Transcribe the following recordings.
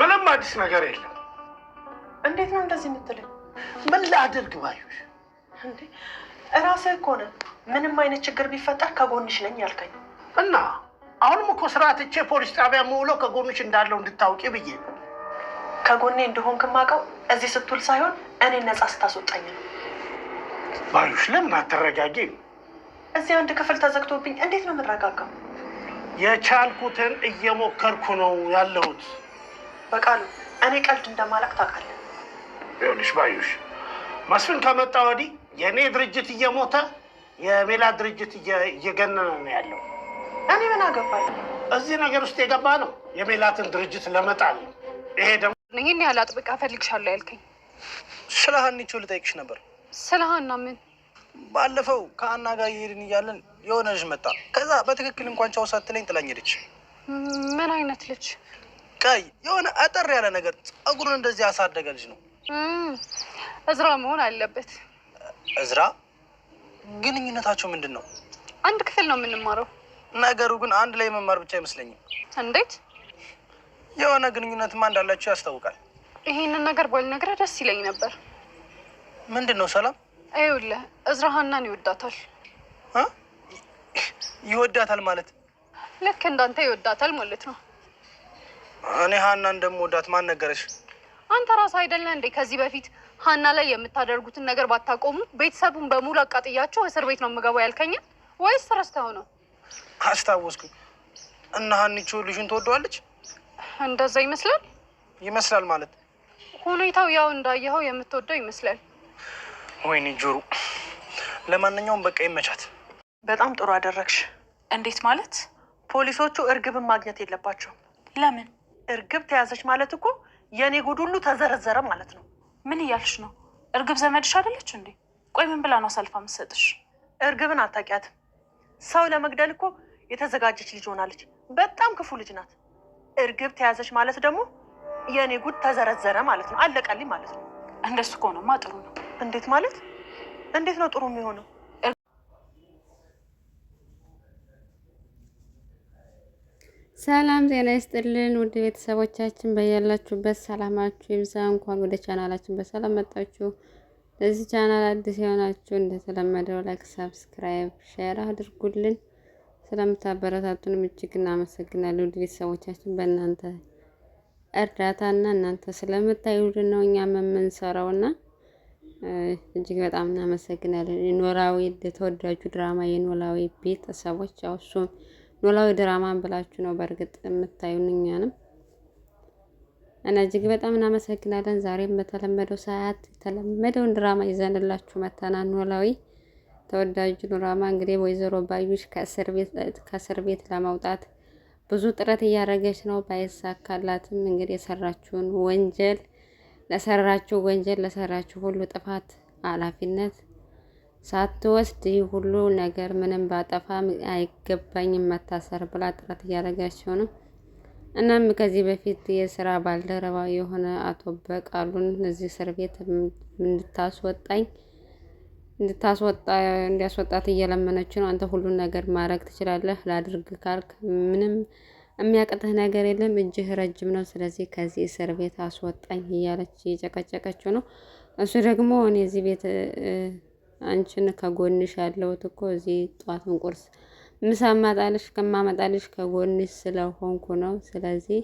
ምንም አዲስ ነገር የለም። እንዴት ነው እንደዚህ የምትለኝ? ምን ላድርግ ባዩሽ? እንዴ እራስህ እኮ ነህ ምንም አይነት ችግር ቢፈጠር ከጎንሽ ነኝ ያልከኝ እና አሁንም እኮ ስራ ትቼ ፖሊስ ጣቢያ መውለው ከጎንሽ እንዳለው እንድታውቂ ብዬ ነው። ከጎኔ እንደሆንክ የማውቀው እዚህ ስትውል ሳይሆን እኔ ነጻ ስታስወጣኝ ነው። ባዩሽ ለምን አትረጋጊ? እዚህ አንድ ክፍል ተዘግቶብኝ እንዴት ነው የምረጋጋው? የቻልኩትን እየሞከርኩ ነው ያለሁት። በቃሉ እኔ ቀልድ እንደማላቅ ታውቃለህ። ይኸውልሽ ባዩሽ መስፍን ከመጣ ወዲህ የእኔ ድርጅት እየሞተ የሜላ ድርጅት እየገነነ ነው ያለው። እኔ ምን አገባኝ? እዚህ ነገር ውስጥ የገባ ነው የሜላትን ድርጅት ለመጣል ይሄ ደግሞ ይህን ያህል አጥብቃ እፈልግሻለሁ ያልከኝ ስለ ሀኒቾ ልጠይቅሽ ነበር። ስለ ሀና ምን? ባለፈው ከአና ጋር እየሄድን እያለን የሆነ ልጅ መጣ። ከዛ በትክክል እንኳን ቻው ሳትለኝ ጥላኝ ሄደች። ምን አይነት ልጅ? ቀይ የሆነ አጠር ያለ ነገር ጸጉሩን እንደዚህ ያሳደገ ልጅ ነው። እዝራ መሆን አለበት። እዝራ ግንኙነታቸው ምንድን ነው? አንድ ክፍል ነው የምንማረው። ነገሩ ግን አንድ ላይ መማር ብቻ አይመስለኝም። እንዴት? የሆነ ግንኙነትማ እንዳላቸው ያስታውቃል። ይህንን ነገር ባልነግረህ ደስ ይለኝ ነበር። ምንድን ነው ሰላም? ይኸውልህ እዝራ ሀናን ይወዳታል። ይወዳታል ማለት ልክ እንዳንተ ይወዳታል ማለት ነው። እኔ ሀና እንደምወዳት ማን ነገረሽ? አንተ ራስህ አይደለ እንዴ ከዚህ በፊት ሀና ላይ የምታደርጉትን ነገር ባታቆሙ ቤተሰቡን በሙሉ አቃጥያቸው እስር ቤት ነው የምገባው ያልከኝ ወይስ ረስተኸው ነው? አስታወስኩ። እና ሀኒቾ ልጁን ትወደዋለች? እንደዛ ይመስላል። ይመስላል ማለት ሁኔታው ያው እንዳየኸው የምትወደው ይመስላል። ወይኔ ጆሮ፣ ለማንኛውም በቃ ይመቻት። በጣም ጥሩ አደረግሽ። እንዴት ማለት? ፖሊሶቹ እርግብን ማግኘት የለባቸው። ለምን? እርግብ ተያዘች ማለት እኮ የእኔ ጉድ ሁሉ ተዘረዘረ ማለት ነው። ምን እያልሽ ነው? እርግብ ዘመድሽ አይደለች እንዴ? ቆይ ምን ብላ ነው አሳልፋ የምትሰጥሽ? እርግብን አታውቂያትም። ሰው ለመግደል እኮ የተዘጋጀች ልጅ ሆናለች። በጣም ክፉ ልጅ ናት። እርግብ ተያዘች ማለት ደግሞ የእኔ ጉድ ተዘረዘረ ማለት ነው። አለቀልኝ ማለት ነው። እንደሱ ከሆነማ ጥሩ ነው። እንዴት ማለት እንዴት ነው ጥሩ የሚሆነው? ሰላም ጤና ይስጥልን ውድ ቤተሰቦቻችን በያላችሁበት ሰላማችሁ ይብዛ። እንኳን ወደ ቻናላችን በሰላም መጣችሁ። ለዚህ ቻናል አዲስ የሆናችሁ እንደተለመደው ላይክ፣ ሰብስክራይብ፣ ሼር አድርጉልን። ስለምታበረታቱንም እጅግ እናመሰግናለን። ውድ ቤተሰቦቻችን በእናንተ እርዳታና እናንተ ስለምታዩልን ነው እኛ የምንሰራውና እጅግ በጣም እናመሰግናለን። ኖላዊ ተወዳጁ ድራማ የኖላዊ ቤተሰቦች አውሱም ኖላዊ ድራማን ብላችሁ ነው በእርግጥ የምታዩን እኛንም እና እጅግ በጣም እናመሰግናለን። ዛሬም በተለመደው ሰዓት የተለመደውን ድራማ ይዘንላችሁ መተናን ኖላዊ ተወዳጁ ድራማ እንግዲህ ወይዘሮ ባዩሽ ከእስር ቤት ለመውጣት ብዙ ጥረት እያደረገች ነው። ባይሳካላትም እንግዲህ የሰራችውን ወንጀል ለሰራችው ወንጀል ለሰራችው ሁሉ ጥፋት ኃላፊነት ሳትወስድ ይህ ሁሉ ነገር ምንም ባጠፋ አይገባኝም መታሰር ብላ ጥረት እያደረጋቸው ነው። እናም ከዚህ በፊት የስራ ባልደረባ የሆነ አቶ በቃሉን እዚህ እስር ቤት እንድታስወጣኝ እንድታስወጣ እንዲያስወጣት እየለመነች ነው። አንተ ሁሉን ነገር ማድረግ ትችላለህ፣ ላድርግ ካልክ ምንም የሚያቅትህ ነገር የለም፣ እጅህ ረጅም ነው። ስለዚህ ከዚህ እስር ቤት አስወጣኝ እያለች እየጨቀጨቀችው ነው። እሱ ደግሞ እኔ እዚህ ቤት አንቺን ከጎንሽ ያለሁት እኮ እዚህ ጧትን ቁርስ ምሳ ማጣልሽ ከማመጣልሽ ከጎንሽ ስለሆንኩ ነው። ስለዚህ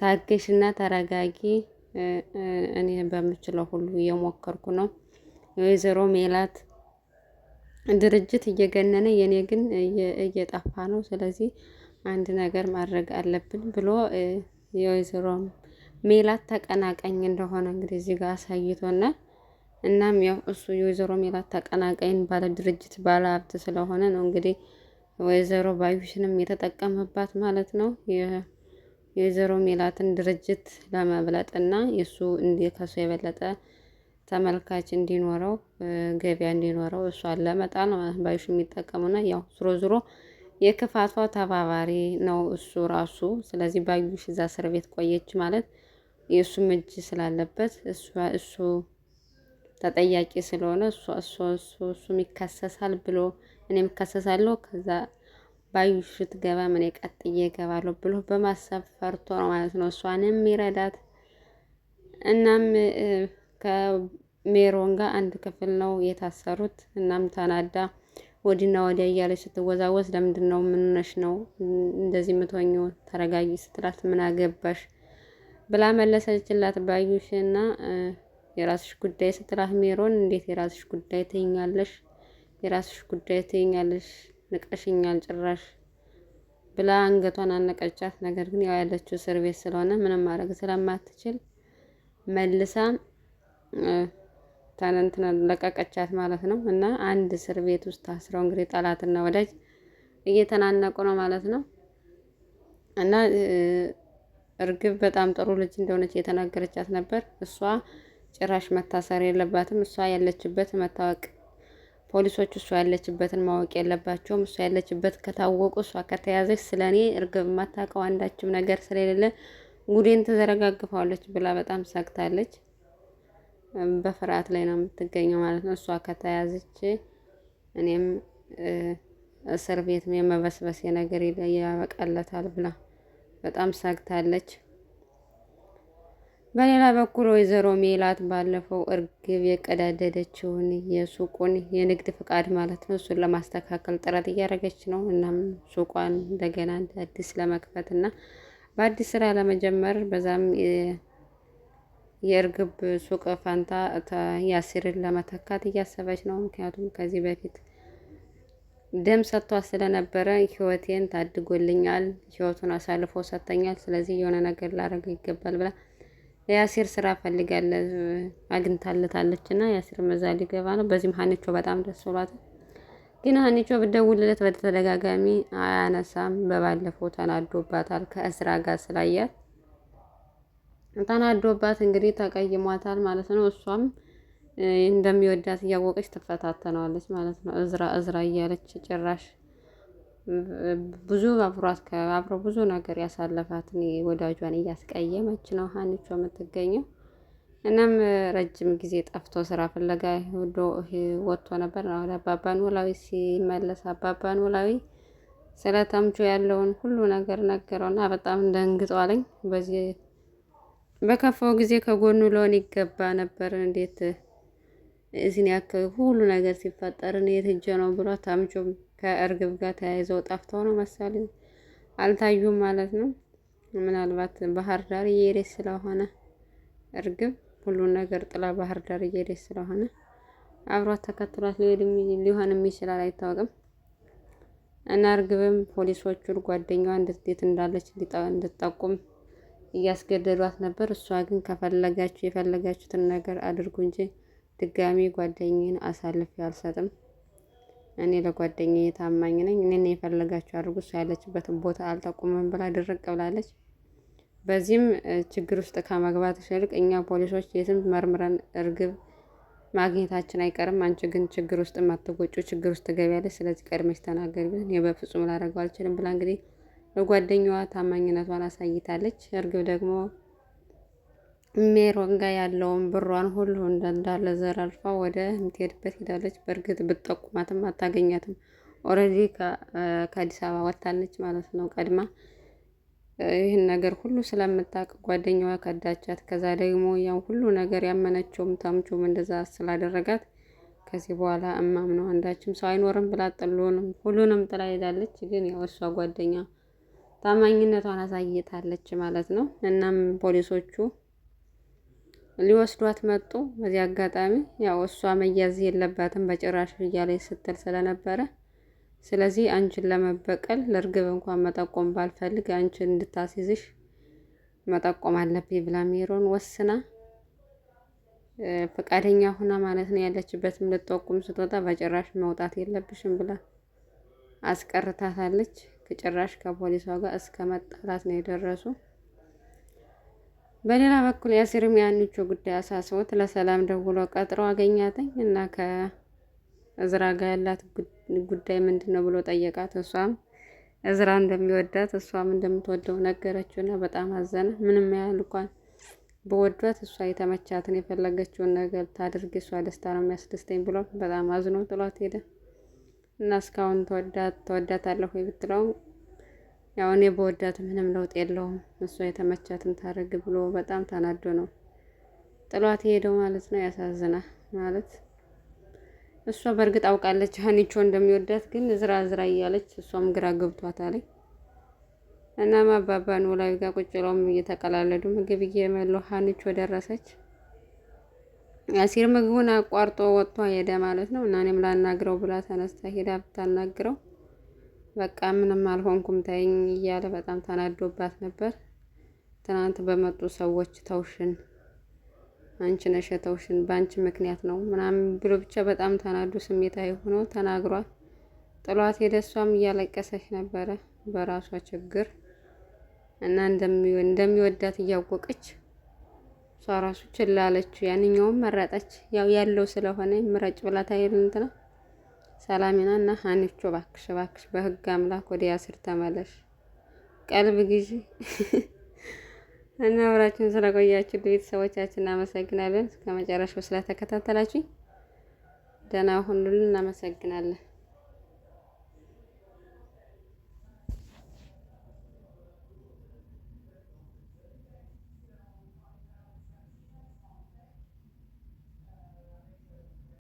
ታገሽና ተረጋጊ። እኔ በምችለው ሁሉ እየሞከርኩ ነው። የወይዘሮ ሜላት ድርጅት እየገነነ የእኔ ግን እየጠፋ ነው። ስለዚህ አንድ ነገር ማድረግ አለብን ብሎ የወይዘሮ ሜላት ተቀናቀኝ እንደሆነ እንግዲህ እዚህ ጋር አሳይቶና እናም ያው እሱ የወይዘሮ ሜላት ተቀናቃይን ባለ ድርጅት ባለ ሀብት ስለሆነ ነው እንግዲህ ወይዘሮ ባዩሽንም የተጠቀመባት ማለት ነው። የወይዘሮ ሜላትን ድርጅት ለመብለጥ እና የእሱ ከሱ የበለጠ ተመልካች እንዲኖረው ገቢያ እንዲኖረው እሷን ለመጣል ነው ባዩሽ የሚጠቀሙና ያው ዝሮ ዝሮ የክፋቷ ተባባሪ ነው እሱ ራሱ። ስለዚህ ባዩሽ እዛ እስር ቤት ቆየች ማለት የእሱም እጅ ስላለበት እሱ ተጠያቂ ስለሆነ እሱ እሱ እሱ እሱም ይከሰሳል ብሎ እኔም እከሰሳለሁ። ከዛ ባዩሽ ስትገባ እኔ ቀጥዬ እገባለሁ ብሎ በማሰብ ፈርቶ ነው ማለት ነው እሷንም ይረዳት። እናም ከሜሮን ጋር አንድ ክፍል ነው የታሰሩት። እናም ተናዳ ወዲና ወዲያ እያለች ስትወዛወዝ ለምንድን ነው ምንነሽ ነው እንደዚህ የምትሆኙ ተረጋጊ ስትላት ምን አገባሽ ብላ መለሰችላት ባዩሽና የራስሽ ጉዳይ ስትላት ሜሮን እንዴት የራስሽ ጉዳይ ትይኛለሽ? የራስሽ ጉዳይ ትይኛለሽ? ንቀሽኛል ጭራሽ ብላ አንገቷን አነቀቻት። ነገር ግን ያው ያለችው እስር ቤት ስለሆነ ምንም ማድረግ ስለማትችል መልሳ ታነንትና ለቀቀቻት ማለት ነው። እና አንድ እስር ቤት ውስጥ አስረው እንግዲህ ጠላትና ወዳጅ እየተናነቁ ነው ማለት ነው። እና እርግብ በጣም ጥሩ ልጅ እንደሆነች እየተናገረቻት ነበር እሷ ጭራሽ መታሰር የለባትም። እሷ ያለችበት መታወቅ ፖሊሶች እሷ ያለችበትን ማወቅ የለባቸውም። እሷ ያለችበት ከታወቁ እሷ ከተያዘች ስለ እኔ እርግብ የማታውቀው አንዳችም ነገር ስለሌለ ጉዴን ትዘረጋግፋለች ብላ በጣም ሰግታለች። በፍርሃት ላይ ነው የምትገኘው ማለት ነው። እሷ ከተያዘች እኔም እስር ቤት የመበስበሴ ነገር ያበቃለታል ብላ በጣም ሰግታለች። በሌላ በኩል ወይዘሮ ሜላት ባለፈው እርግብ የቀዳደደችውን የሱቁን የንግድ ፍቃድ ማለት ነው እሱን ለማስተካከል ጥረት እያደረገች ነው። እናም ሱቋን እንደገና አዲስ ለመክፈት እና በአዲስ ስራ ለመጀመር በዛም የእርግብ ሱቅ ፋንታ ያሲርን ለመተካት እያሰበች ነው። ምክንያቱም ከዚህ በፊት ደም ሰጥቷት ስለነበረ ህይወቴን ታድጎልኛል፣ ህይወቱን አሳልፎ ሰጥተኛል፣ ስለዚህ የሆነ ነገር ላደርግ ይገባል ብላ የአሲር ስራ ፈልጋለ አግኝታለታለች እና የአሲር መዛ ሊገባ ነው። በዚህም ሀኒቾ በጣም ደስ ብሏታል። ግን ሀኒቾ ብደውልለት በተደጋጋሚ አያነሳም። በባለፈው ተናዶባታል ከእስራ ጋር ስላያት ተናዶባት እንግዲህ ተቀይሟታል ማለት ነው። እሷም እንደሚወዳት እያወቀች ትፈታተነዋለች ማለት ነው። እዝራ እዝራ እያለች ጭራሽ ብዙ አብሯት አብሮ ብዙ ነገር ያሳለፋትን ወዳጇን እያስቀየመች ነው ሀኒቾ የምትገኘው። እናም ረጅም ጊዜ ጠፍቶ ስራ ፍለጋ ሄዶ ወጥቶ ነበር። አሁን አባባ ኖላዊ ሲመለስ አባባ ኖላዊ ስለ ተምቹ ያለውን ሁሉ ነገር ነገረውና በጣም ደንግጧለኝ። በዚህ በከፋው ጊዜ ከጎኑ ለሆን ይገባ ነበር። እንዴት እዚህን ያክል ሁሉ ነገር ሲፈጠርን የት ሄጄ ነው ብሎ ተምቹም ከእርግብ ጋር ተያይዘው ጠፍተው ነው መሰለኝ አልታዩም ማለት ነው። ምናልባት ባህር ዳር እየሄደች ስለሆነ እርግብ ሁሉን ነገር ጥላ ባህር ዳር እየሄደች ስለሆነ አብሯት ተከትሏት ሊሆንም ይችላል፣ አይታወቅም። እና እርግብም ፖሊሶቹን ጓደኛዋ እንዴት እንዳለች እንድጠቁም እያስገደዷት ነበር። እሷ ግን ከፈለጋችሁ የፈለጋችሁትን ነገር አድርጉ እንጂ ድጋሚ ጓደኝን አሳልፌ አልሰጥም እኔ ለጓደኛ የታማኝ ነኝ፣ እኔን የፈለጋችሁ አድርጉ፣ እሷ ያለችበትን ቦታ አልጠቁምም ብላ ድርቅ ብላለች። በዚህም ችግር ውስጥ ከመግባት ይልቅ እኛ ፖሊሶች የትም መርምረን እርግብ ማግኘታችን አይቀርም። አንቺ ግን ችግር ውስጥ ማትጎጩ ችግር ውስጥ ገቢያለች። ስለዚህ ቀድመሽ ተናገሪ ብለን እኔ በፍጹም ላደርገው አልችልም ብላ እንግዲህ ለጓደኛዋ ታማኝነቷን አሳይታለች። እርግብ ደግሞ ሜሮን ጋ ያለውን ብሯን ሁሉ እንዳለ ዘራርፋ ወደ የምትሄድበት ሄዳለች። በእርግጥ ብትጠቁማትም አታገኛትም። ኦልሬዲ ከአዲስ አበባ ወጥታለች ማለት ነው። ቀድማ ይህን ነገር ሁሉ ስለምታውቅ ጓደኛዋ ከዳቻት። ከዛ ደግሞ ያው ሁሉ ነገር ያመነችውም ተምቹም እንደዛ ስላደረጋት ከዚህ በኋላ ነው አንዳችም ሰው አይኖርም ብላ ጥሎንም ሁሉንም ጥላ ሄዳለች። ግን ያው እሷ ጓደኛ ታማኝነቷን አሳይታለች ማለት ነው። እናም ፖሊሶቹ ሊወስዷት መጡ። በዚህ አጋጣሚ ያው እሷ መያዝ የለባትም በጭራሽ እያለች ስትል ስለነበረ ስለዚህ አንቺን ለመበቀል ለእርግብ እንኳን መጠቆም ባልፈልግ አንቺን እንድታስይዝሽ መጠቆም አለብኝ ብላ ሜሮን ወስና ፈቃደኛ ሁና ማለት ነው ያለችበትም ልትጠቁም ስትወጣ በጭራሽ መውጣት የለብሽም ብላ አስቀርታታለች። ከጭራሽ ከፖሊሷ ጋር እስከ መጣላት ነው የደረሱ። በሌላ በኩል ያሲርም ያንቹ ጉዳይ አሳስቦት ለሰላም ደውሎ ቀጥሮ አገኛትኝ እና ከእዝራ ጋር ያላት ጉዳይ ምንድን ነው ብሎ ጠየቃት። እሷም እዝራ እንደሚወዳት እሷም እንደምትወደው ነገረችው እና በጣም አዘነ። ምንም ያህል እንኳን በወዷት እሷ የተመቻትን የፈለገችውን ነገር ታድርግ፣ እሷ ደስታ ነው የሚያስደስተኝ ብሎ በጣም አዝኖ ጥሏት ሄደ እና እስካሁን ተወዳት ተወዳታለሁ ብትለውም ያው እኔ በወዳት ምንም ለውጥ የለውም እሷ የተመቻትን ታደርግ ብሎ በጣም ተናዶ ነው ጥሏት ሄደው ማለት ነው። ያሳዝና ማለት እሷ በእርግጥ አውቃለች ሀኒቾ እንደሚወዳት ግን ዝራ ዝራ እያለች እሷም ግራ ገብቷታል። እና አባባ ኖላዊ ጋር ቁጭ ብለውም እየተቀላለዱ ምግብ እየመለው ሀኒቾ ደረሰች። አሲር ምግቡን አቋርጦ ወጥቶ ሄደ ማለት ነው እና እኔም ላናግረው ብላ ተነስታ ሄዳ ብታናግረው በቃ ምንም አልሆንኩም ተይኝ እያለ በጣም ተናዶባት ነበር። ትናንት በመጡ ሰዎች ተውሽን፣ አንቺ ነሽ ተውሽን በአንቺ ምክንያት ነው ምናምን ብሎ ብቻ በጣም ተናዶ ስሜታዊ ሆኖ ተናግሯል። ጥሏት የደሷም እያለቀሰች ነበረ በራሷ ችግር እና እንደሚወዳት እያወቀች እሷ ራሱ ችላለች። ያንኛውም መረጠች። ያው ያለው ስለሆነ ምረጭ ብላት አይደል እንትና ሰላሜና እና ሀኒቾ ባክሽ ባክሽ በህግ አምላክ ወደ ያስር ተመለሽ ቀልብ ግዢ እና አብራችሁን ስለቆያችሁ ቤተሰቦቻችን እናመሰግናለን። እስከ መጨረሻው ስለተከታተላችሁ ደህና ሁኑልን። እናመሰግናለን።